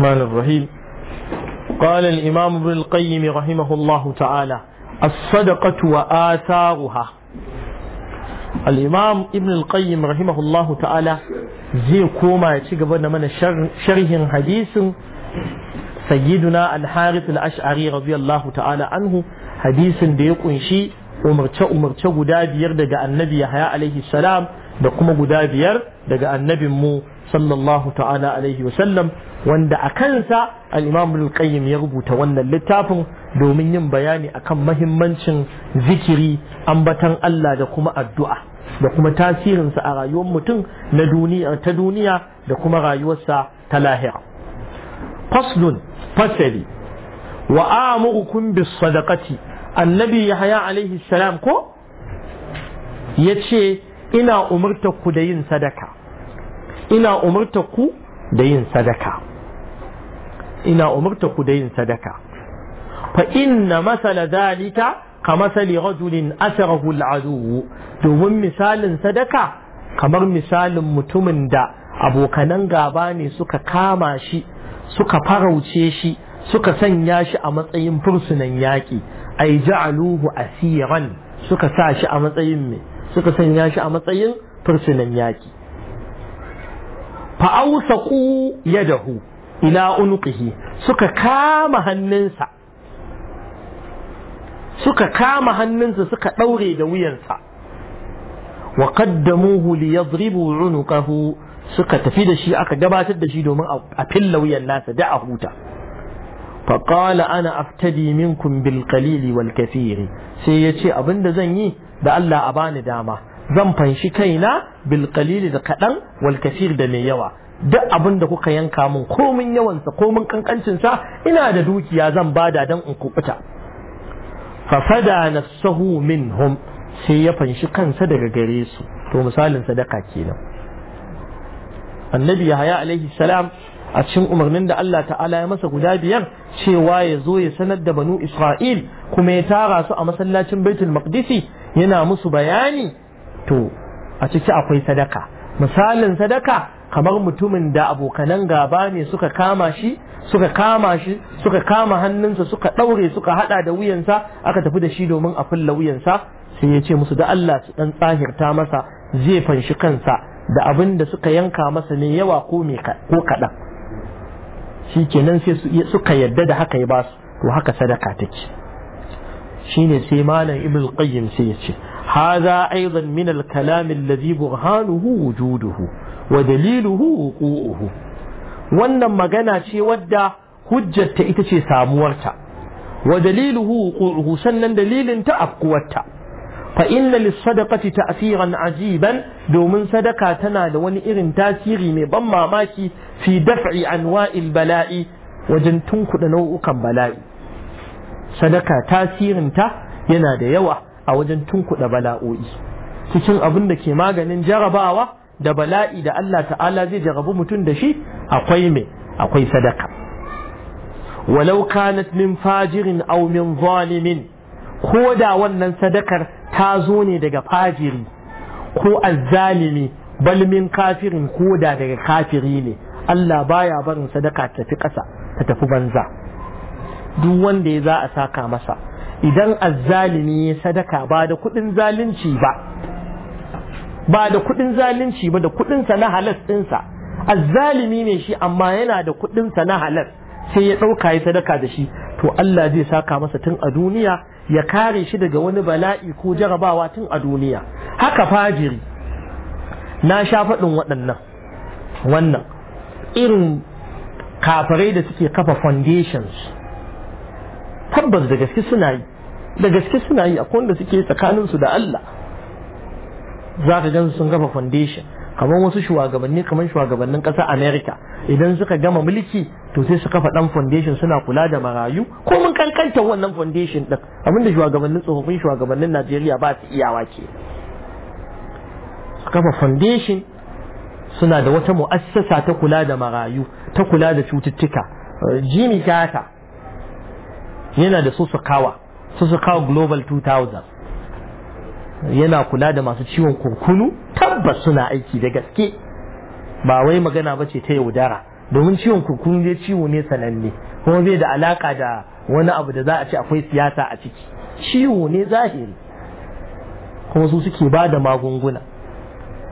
الرحمن الرحيم قال الإمام ابن القيم رحمه الله تعالى الصدقة وآثارها الإمام ابن القيم رحمه الله تعالى زي كوما يتشغب من شره حديث سيدنا الحارث الأشعري رضي الله تعالى عنه حديث ديقون شي umarce umarce guda biyar daga annabi Yahaya alaihi salam da kuma guda biyar daga annabin mu sallallahu ta'ala alaihi wanda a kansa al-imam al-qayyim ya rubuta wannan littafin domin yin bayani akan mahimmancin zikiri ambatan Allah da kuma addu'a da kuma tasirinsa a rayuwar mutum na duniya ta duniya da kuma rayuwarsa ta lahira faslun fasali wa amurukum bis sadaqati annabi yahya alaihi salam ko yace ina umurta ku da yin sadaka ina umurta ku da yin sadaka ina umurta ku da yin sadaka fa inna masala zalika ka masali rajulin asarahu al'adu domin misalin sadaka kamar misalin mutumin da abokanan gaba ne suka kama shi suka farauce shi suka sanya shi a matsayin fursunan yaƙi ai ja'aluhu asiran suka sa shi a matsayin me suka sanya shi a matsayin fursunan yaƙi fa'ausaƙu yadahu ila unuqihi suka kama hannunsa suka kama hannunsa suka ɗaure da wuyansa wa qaddamuhu li yadribu unuqahu suka tafi da shi aka gabatar da shi domin a filla wuyan nasa da a huta فقال أنا أفتدي منكم بالقليل والكثير سيتي أبن زني ده الله أبان دامه zan fanshi kaina bilkalili da kaɗan. walkasir da mai yawa duk abin da kuka yanka min komin yawansa komin kankancinsa ina da dukiya zan bada dan in kubuta fafada min hom sai ya fanshi kansa daga gare su to misalin sadaka kenan annabi yahaya alaihi salam a cikin umarnin da Allah ta'ala ya masa guda biyar cewa ya zo ya sanar da banu Isra'il kuma ya tara su a masallacin Baitul Maqdisi yana musu bayani to a ciki akwai sadaka misalin sadaka kamar mutumin da abokanan gaba ne suka kama shi suka kama shi suka kama hannunsa suka ɗaure suka haɗa da wuyansa aka tafi da shi domin a fulla wuyansa sai ya ce musu da Allah su ɗan tsahirta masa zai fanshi kansa da abin da suka yanka masa ne yawa ko kaɗan shi kenan sai suka yadda da haka ya basu to haka sadaka take shine sai malam ibnu qayyim sai ya ce هذا أيضا من الكلام الذي برهانه وجوده ودليله وقوعه wannan magana ce wadda hujjarta ita ce samuwarta wa daliluhu wuqu'uhu sannan dalilin ta afkuwarta fa inna lis-sadaqati ta'siran ajiban domin sadaka tana da wani irin tasiri mai ban mamaki fi daf'i anwa'il bala'i wajen tunkuda nau'ukan bala'i sadaka tasirinta yana da yawa a wajen tunkuɗa bala'o'i cikin abin da ke maganin jarabawa da bala'i da Allah ta'ala zai jarabu mutum da shi akwai me akwai sadaka walau kanat min fajirin aw min zalimin ko da wannan sadakar ta zo ne daga fajiri ko azzalimi bal min kafirin ko da daga kafiri ne Allah baya barin sadaka ta tafi ƙasa ta tafi banza duk wanda ya za a saka masa idan azzalimi ya sadaka ba da kuɗin zalunci ba ba da kuɗin zalunci ba da kuɗinsa na halas ɗinsa azzalimi ne shi amma yana da kuɗinsa na halas sai ya ɗauka ya sadaka da shi to Allah zai saka masa tun a duniya ya kare shi daga wani bala'i ko jarabawa tun a duniya haka fajiri na sha faɗin waɗannan wannan irin kafirai da suke kafa foundations tabbas da gaske suna yi da gaske suna yi akwai wanda suke tsakanin su da Allah za ka gan sun gaba foundation kamar wasu shugabanni kamar shugabannin ƙasa America idan suka gama mulki to sai su kafa dan foundation suna kula da marayu ko mun kankanta wannan foundation din abinda shugabannin tsofaffin shugabannin Najeriya ba su iyawa ke su kafa foundation suna da wata mu'assasa ta kula da marayu ta kula da cututtuka Jimmy Carter yana da susukawa susukawa global 2000 yana kula da masu ciwon kurkunu tabbas suna aiki da gaske ba wai magana ba ce ta yaudara domin ciwon kurkunu zai ciwo ne sananne kuma zai da alaka da wani abu da za a ce akwai siyasa a ciki ciwo ne zahiri kuma su suke ba da magunguna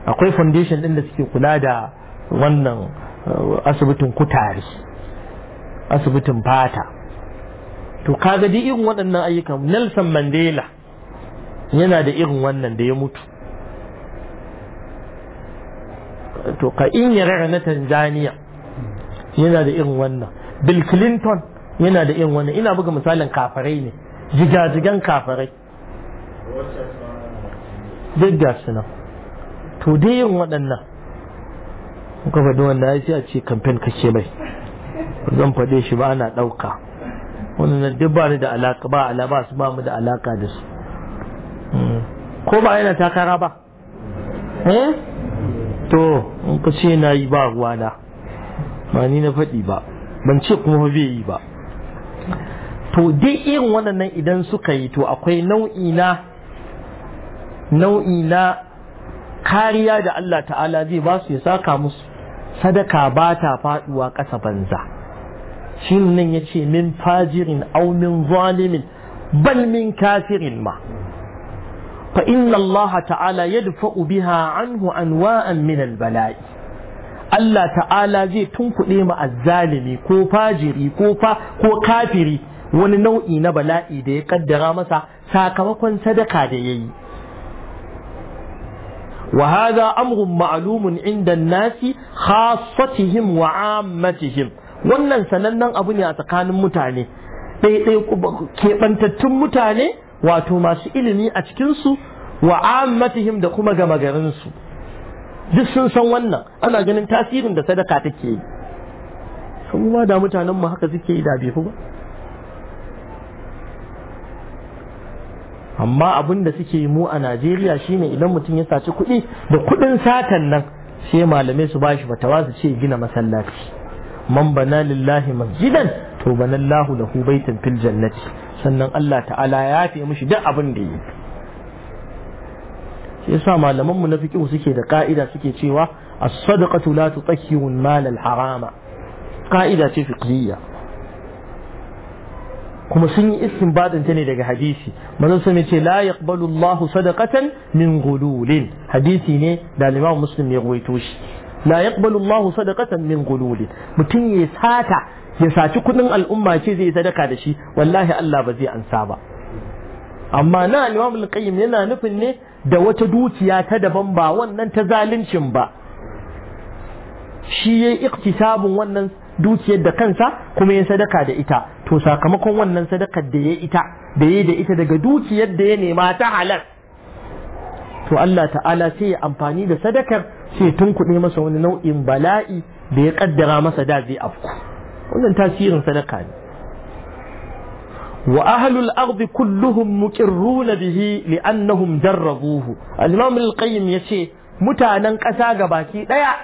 akwai foundation din da suke kula da wannan eh, asibitin kutare asibitin fata to kaga duk irin waɗannan ayyukan Nelson Mandela yana da irin wannan da ya mutu to ka inyarara na Tanzania yana da irin wannan Bill Clinton yana da irin wannan ina buga misalin kafarai ne jigajigan kafarai duk ga su nan to dai irin waɗannan kuka faɗi wanda ya ce a ce kamfen kake mai zan faɗe shi ba ana ɗauka wannan duk ba ni da alaka ba ala ba su ba mu da alaka da su mm. ko ba yana takara ba eh to in ka ce na yi ba ruwa na ba ni na faɗi ba ban ce kuma bai yi ba to duk irin waɗannan idan suka yi to akwai nau'i na nau'i na kariya da Allah ta'ala zai ba su ya saka musu sadaka ba ta faɗuwa ƙasa banza Shin nan ya ce min fajirin au min zalimin bal min kafirin ma fa inna Allah ta'ala yadfa'u biha anhu anwa'an min al-bala'i Allah ta'ala zai tunkuɗe ma azzalimi ko fajiri ko fa ko kafiri wani nau'i na bala'i da ya kaddara masa sakamakon sadaka da yayi وهذا أمر معلوم nasi الناس wa وعامتهم wannan sanannen abu ne a tsakanin mutane ɗaiɗai keɓantattun mutane wato masu ilimi a cikinsu wa ammatihim da kuma gama garinsu duk sun san wannan ana ganin tasirin da sadaka take yi kuma da mutanen mu haka suke yi da bai ba amma abin da suke yi mu a najeriya shine idan mutum ya saci kuɗi da kuɗin satan nan sai malamai su bashi fatawa su ce gina masallaci man bana lillahi masjidan to bana Allahu lahu baitan fil jannati sannan Allah ta'ala ya fi mishi duk abin da yi shi yasa malaman mu na fiqh suke da ka'ida suke cewa as-sadaqatu la tutahhiru al-mal al-harama ka'ida ce fiqhiyya kuma sun yi istinbadin ta ne daga hadisi manzon sun ce la yaqbalu Allahu sadaqatan min ghululin hadisi ne da Imam Muslim ya ruwaito shi la yaqbalu Allahu sadaqatan min gululi mutum ya sata ya saci kudin al'umma ce zai sadaka da shi wallahi Allah ba zai ansa ba amma na Imam al-Qayyim yana nufin ne da wata dukiya ta daban ba wannan ta zaluncin ba shi yayi iktisabun wannan dukiyar da kansa kuma ya sadaka da ita to sakamakon wannan sadakar da yayi ita da yayi da ita daga dukiyar da ya nema ta halal to Allah ta'ala sai ya amfani da sadakar sai tun kuɗe masa wani nau'in bala'i da ya kaddara masa da zai afku wannan tasirin sadaka ne wa ahlul ardi kulluhum muqirruna bihi li'annahum jarrabuhu al-imam al-qayyim yace mutanen ƙasa gabaki daya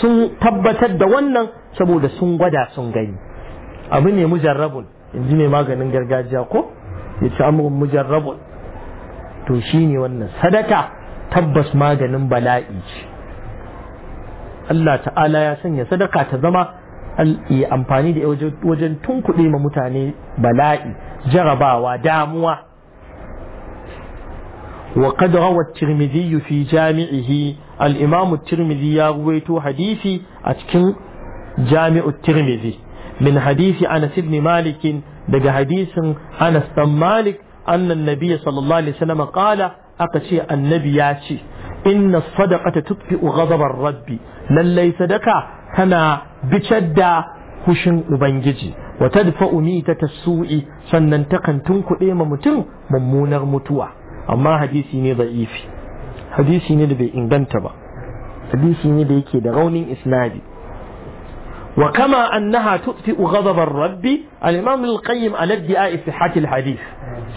sun tabbatar da wannan saboda sun gwada sun gani abu ne mujarrabun in ji maganin gargajiya ko ya ce mujarrabun to shi ne wannan sadaka tabbas maganin bala'i ce Allah ta'ala ya sanya sadaka ta zama amfani da wajen tunkuɗe ma mutane bala'i jarabawa damuwa wa qad rawat tirmidhi fi jami'ihi al-imam tirmidhi ya ruwaito hadisi a cikin jami'u tirmidhi min hadisi anas ibn malik daga hadisin anas ibn malik annan nabiyya sallallahu alaihi wasallam qala aka ce annabi ya ce inna sadaqata tutfi'u ghadabar rabbi lallai sadaka tana bicar da kushin ubangiji wa tadfa'u ta tasu'i sannan takan tunkuɗe ma mutum mummunar mutuwa amma hadisi ne da'ifi hadisi ne da bai inganta ba hadisi ne da yake da raunin isnadi وكما أنها تطفئ غضب الرب الإمام القيم على ادعاء صحة الحديث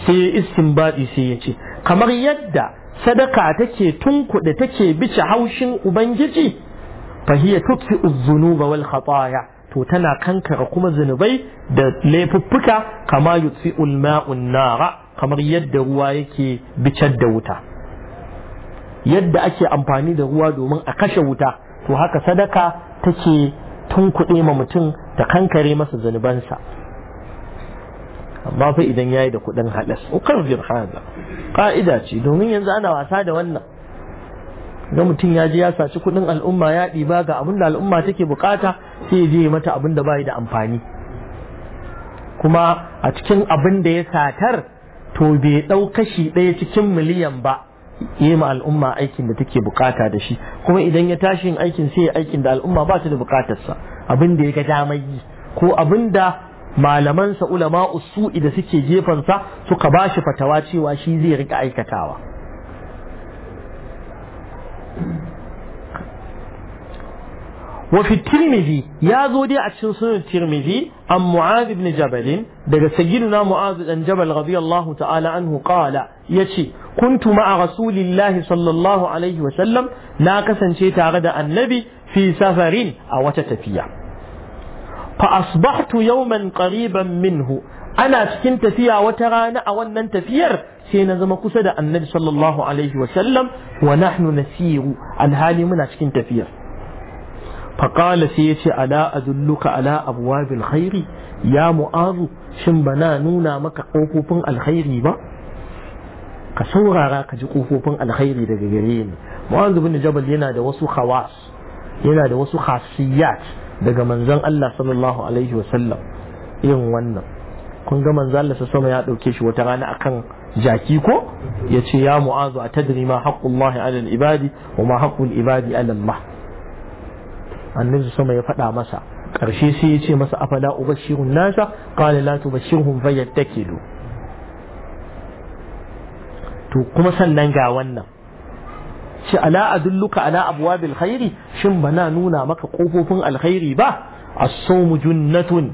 سي استنباطي سي كما يدى صدقة تكي take تكي بش حوش أبنجتي فهي تطفئ الذنوب والخطايا to tana kankara kuma zunubai da laifuffuka kama yutfi'ul kamar yadda ruwa yake bicar da wuta yadda ake amfani da ruwa domin a kashe wuta to haka sadaka take tun kuɗe ma mutum ta kankare masa zunubansa amma fa idan yayi da kuɗin halas ukarrir hada Ka'ida ce domin yanzu ana wasa da wannan ga mutum ya je ya saci kuɗin al'umma ya ɗiba ga abin da al'umma take bukata sai ya je mata abin da bai da amfani kuma a cikin abin da ya satar to bai ɗau kashi ɗaya cikin miliyan ba yi ma al'umma aikin da take bukata da shi kuma idan ya tashi yin aikin sai aikin da al'umma ba su da bukatarsa abin da ya ga damar yi ko abin da malamansa ulama usu'i da suke sa suka ba shi fatawa cewa shi zai rika aikatawa وفي الترمذي يا زودي عشان سنة الترمذي ام معاذ بن جبل دقا سيدنا معاذ بن جبل رضي الله تعالى عنه قال يشي كنت مع رسول الله صلى الله عليه وسلم لا كسن شيء تعرض النبي في سفر أو تتفيا فأصبحت يوما قريبا منه أنا سكن تفيا وترانا أو أن تفير سينا زم النبي صلى الله عليه وسلم ونحن نسير عن هالي من سكن تفير faƙala sai ya ce ala adulluka ala abwabil khairi ya mu'azu shin bana nuna maka ƙofofin alkhairi ba ka saurara ka ji ƙofofin alkhairi daga gare ni mu'azu bin jabal yana da wasu khawas yana da wasu khasiyat daga manzon Allah sallallahu alaihi sallam. irin wannan kun ga manzon Allah sama ya dauke shi wata rana akan jaki ko yace ya mu'azu atadri ma haqqullahi alal al-ibadi wa ma haqqul ibadi 'ala annabi sama ya faɗa masa ƙarshe sai ya ce masa afala ubashirun nasa qala la tubashirhum fayattakilu to kuma sannan ga wannan shi ala adulluka ala abwabil khairi shin bana nuna maka kofofin alkhairi ba as-sawmu junnatun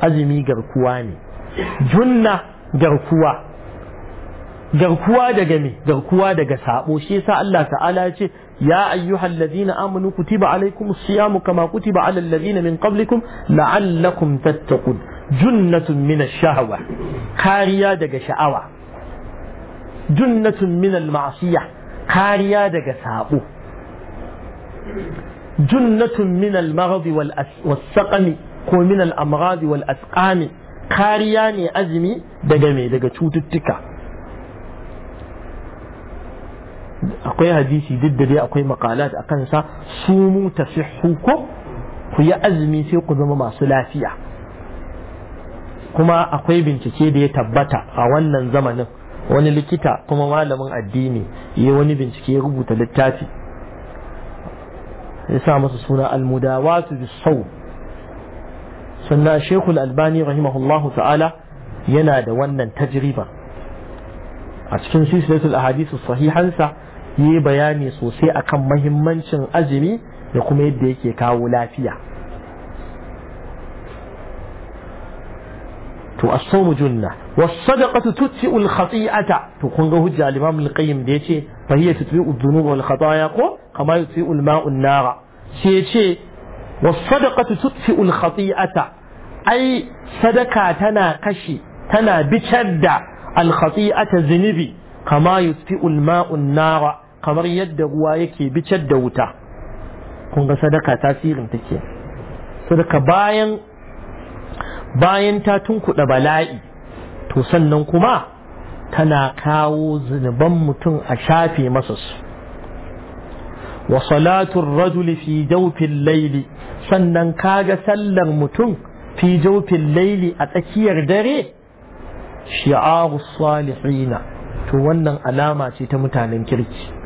azumi garkuwa ne junna garkuwa garkuwa daga me garkuwa daga sabo shi yasa Allah ta'ala ya ce ya ayyuhal ladina amanu kutiba alaikum siyamu kama kutiba alal ladina min qablikum la'allakum tattaqun junnatun min ash-shahwa kariya daga sha'awa junnatun min al-ma'siyah kariya daga sabo junnatun min al-maghdh wal saqami ko min al-amghad wal asqami kariya ne azumi daga me daga cututtuka akwai hadisi duk da dai akwai makalat a kansa su mu ko ku yi azumi sai ku zama masu lafiya kuma akwai bincike da ya tabbata a wannan zamanin wani likita kuma malamin addini ya wani bincike ya rubuta littafi ya sa masa suna almudawatu sau. sannan shekul albani rahimahullahu ta'ala yana da wannan tajriba a cikin silsilatul ahadisu sahihansa yi bayani sosai akan mahimmancin azumi da kuma yadda yake kawo lafiya to as-sawmu junna was-sadaqatu tutfi'u al-khati'ata to kun ga hujja al-imam al-qayyim da yace fa hiya tutfi'u adh-dhunub wal-khataaya ko kama yutfi'u al-ma'u an-nara shi yace was-sadaqatu tutfi'u al-khati'ata ai sadaka tana kashi tana bicar da al-khati'ata zunubi kama yutfi'u al-ma'u an-nara kamar yadda ruwa yake bicar da wuta kun ga sadaka tasirin take sadaka bayan bayan ta tunkuɗa bala'i to sannan kuma tana kawo zunuban mutum a shafe masa su wa salatu rajuli fi laili sannan kaga sallar mutum fi laili a tsakiyar dare shi'aru salihina to wannan alama ce ta mutanen kirki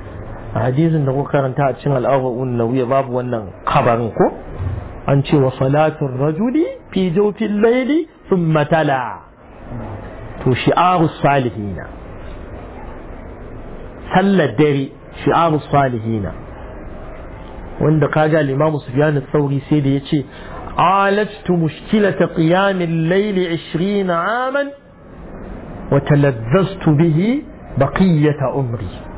hadisin da kuka karanta a cikin al'awa'un nauyi babu wannan kabarin ko an ce wa salatun rajuli fi jawfin laili sun matala to shi'aru salihina sallar dare shi'aru salihina wanda kaga limamu sufyan sauri sai da yace alajtu mushkilata qiyam al-layl 20 aman wa talazzaztu bihi baqiyata umri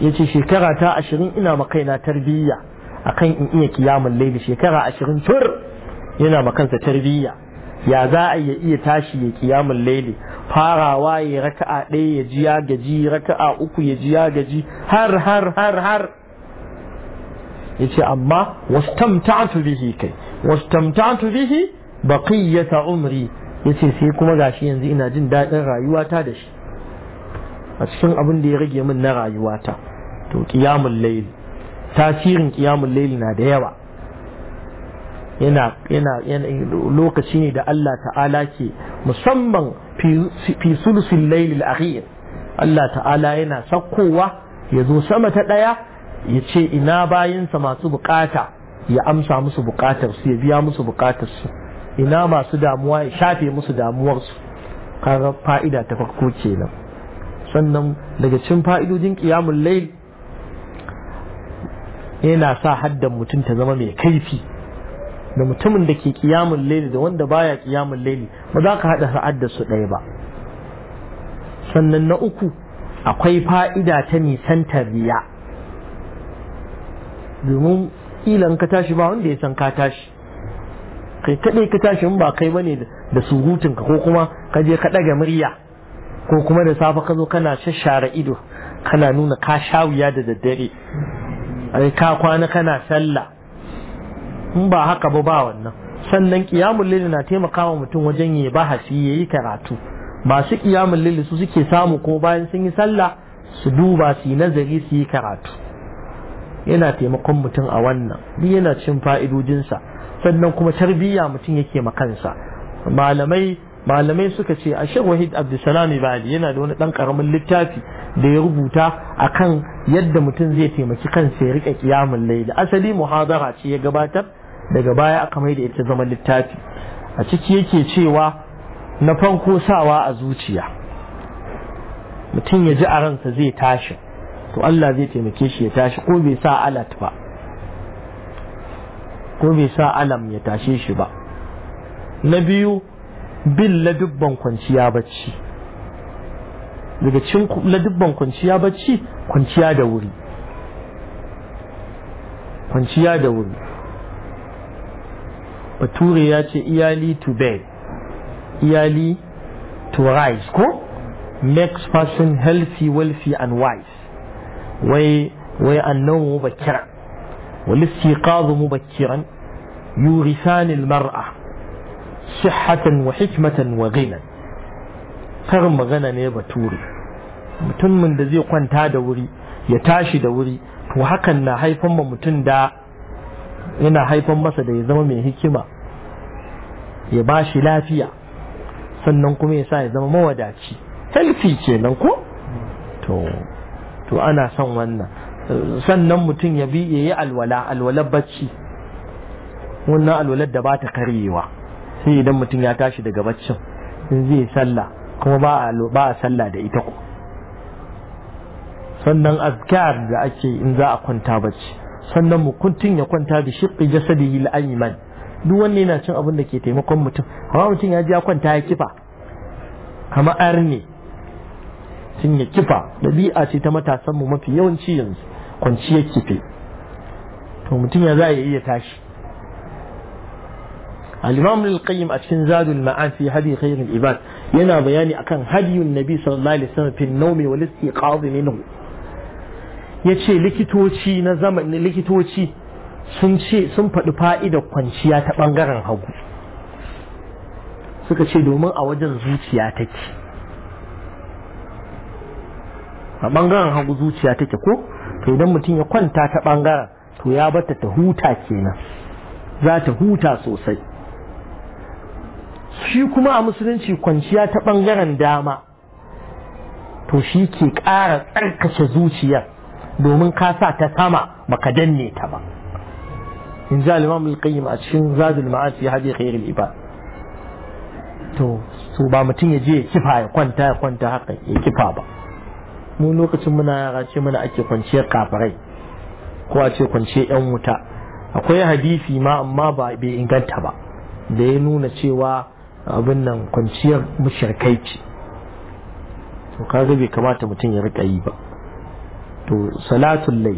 ya ce shekara ta ashirin ina ma kaina tarbiyya akan in iya kiyamun laili shekara ashirin tur yana ma kansa tarbiyya ya za a ya iya tashi ya kiyamun laili farawa ya raka'a ɗaya ya ji ya gaji raka'a uku ya ji ya gaji har har har har ya ce amma wastamta'tu bihi kai wastamta'tu bihi baqiyata umri yace sai kuma gashi yanzu ina jin daɗin rayuwata da shi a cikin abin da ya rage min na rayuwata to qiyamul layl tasirin qiyamul layl na da yawa yana yana lokaci ne da Allah ta'ala ke musamman fi sulusul layl al-akhir Allah ta'ala yana sakkowa ya zo sama ta daya ya ce ina bayinsa masu bukata ya amsa musu su, ya biya musu su, ina masu damuwa ya shafe musu damuwarsu kaga fa'ida ta farko kenan sannan daga cin fa'idodin ƙiyamun lail yana sa haddan mutum ta zama mai kaifi da mutumin da ke ƙiyamun laili da wanda baya ƙiyamun laili ba za ka haɗa da su ɗaya ba sannan na uku akwai fa'ida ta nisan tarbiya domin ilan ka tashi ba wanda ya san ka tashi kai kaɗai ka tashi ba kai bane da surutunka ko kuma ka je ka ɗaga murya ko kuma da safe ka zo kana shashara ido kana nuna ka shawiya da daddare ai ka kwana kana sallah in ba haka ba ba wannan sannan qiyamul lili na taimakawa mutum wajen yayi bahasi yayi karatu masu qiyamul lili su suke samu ko bayan sun yi sallah su duba su yi nazari su yi karatu yana taimakon mutum a wannan duk yana cin fa'idojinsa sannan kuma tarbiyya mutum yake makansa malamai malamai suka ce a shek wahid abdulsalam ibadi yana da wani dan karamin littafi da ya rubuta a kan yadda mutum zai taimaki kansa ya rike kiyamun laili asali muhadara ce ya gabatar daga baya aka mai da ita zama littafi a ciki yake cewa na farko sawa a zuciya mutum ya ji a ransa zai tashi to Allah zai taimake shi ya tashi ko bai sa alat ba ko bai sa alam ya tashe shi ba na biyu bin ladubban kwanciya bacci daga cin ladubban kwanciya bacci kwanciya da wuri kwanciya da wuri bature ya ce iyali to bed iyali to rise ko makes person healthy wealthy and wise wai wai annawu mubakkiran wal istiqazu mubakkiran yurisan al mar'a sihhatan wa hikmatan wa ghinan karin magana ne bature mutumin da zai kwanta da wuri ya tashi da wuri to hakan na haifan ma mutum da yana haifan masa da ya zama mai hikima ya ba shi lafiya sannan kuma ya sa ya zama mawadaci healthy kenan ko to to ana son wannan sannan mutum ya bi ya yi alwala alwalar bacci wannan alwalar da ba ta karyewa sai idan mutum ya tashi daga baccin in zai sallah kuma ba a ba a sallah da ita ko sannan azkar da ake in za a kwanta bacci sannan mukuntun ya kwanta da shiqqi jasadihi lil ayman duk wanne yana cin abin da ke taimakon mutum amma mutum ya ji ya kwanta ya kifa kama arne tun ya kifa dabi'a ce ta matasan mu mafi yawanci yanzu ya kife to mutum ya za ya iya tashi الإمام القيم qayyim a cikin هدي خير الإبان ينا بياني yana bayani akan الله عليه وسلم في النوم والاستيقاظ منه يتشي لكي توشي نظام لكي likitoci na zamanin likitoci sun ce sun faɗi kwanciya ta ɓangaren hagu suka ce domin a wajen zuciya take a ɓangaren hagu zuciya take ko to idan mutum ya kwanta ta ɓangaren to ya bata ta huta kenan za ta huta sosai shi kuma a musulunci kwanciya ta ɓangaren dama to shi ke ƙara tsarkace zuciyar domin ka sa ta sama baka danne ta ba in ji alimam imam a cikin zadul ma'ad fi hadi khair al ba. to ba mutum ya je ya kifa ya kwanta ya kwanta haka ya kifa ba mu lokacin muna yara ce muna ake kwanciyar kafarai ko a ce kwanciyar yan wuta akwai hadisi ma amma ba bai inganta ba da ya nuna cewa abin nan kwanciyar mushrikai ce to kaga bai kamata mutun ya rika yi ba to salatul lay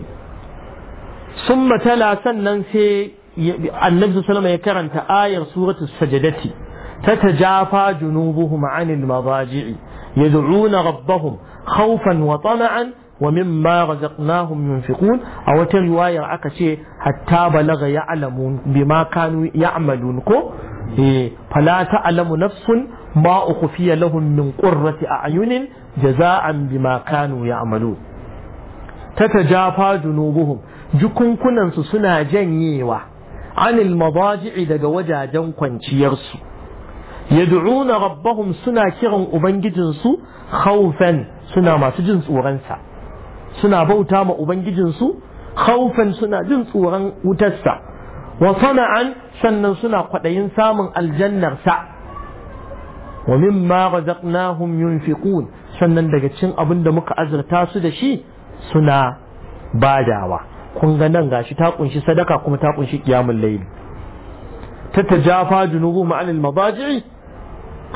summa tala sannan sai annabi sallallahu alaihi wasallam ya karanta ayar suratul sajadati تتجافى جنوبهم عن المضاجع يدعون ربهم خوفا وطمعا ومما رزقناهم ينفقون أو رواية عكسي حتى بلغ يعلمون بما كانوا يعملون كو eh fala ta'lamu nafsun ma ukhfiya lahum min qurrati a'yunin jaza'an bima kanu ya'malu tatajafa junubuhum jukunkunan su suna janyewa anil madaji'i daga wajajen kwanciyar su yad'una rabbahum suna kiran ubangijin su khawfan suna masu jin tsoron sa suna bauta ma ubangijin su khawfan suna jin tsoron wutarsa wa sana'an sannan suna kwaɗayin samun aljannar sa wa mimma razaqnahum yunfiqun sannan daga cikin abin da muka azurta su da shi suna badawa kun ga nan gashi ta kunshi sadaka kuma ta kunshi qiyamul layl ta tajafa junubuhum anil madaji'i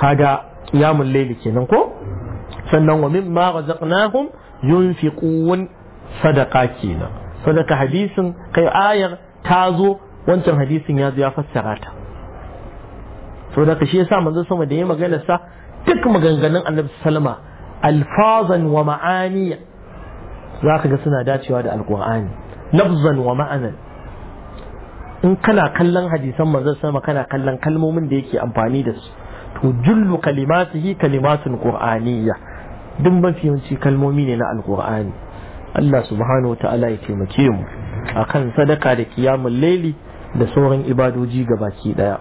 kaga qiyamul layl kenan ko sannan wa mimma razaqnahum yunfiqun sadaka kenan sadaka hadisin kai ayar ta zo wancan hadisin ya zo ya fassara ta so da shi yasa manzo sama da ya magana sa duk maganganun annabi sallama alfazan wa ma'ani za ka ga suna dacewa da alqur'ani lafzan wa ma'anan in kana kallon hadisan manzo sama kana kallon kalmomin da yake amfani da su to jullu kalimatihi kalimatun qur'aniyya duk mafi yawanci kalmomi ne na alqur'ani Allah subhanahu wa ta'ala ya taimake mu akan sadaka da kiyamul laili da sauran ibadoji gabaki daya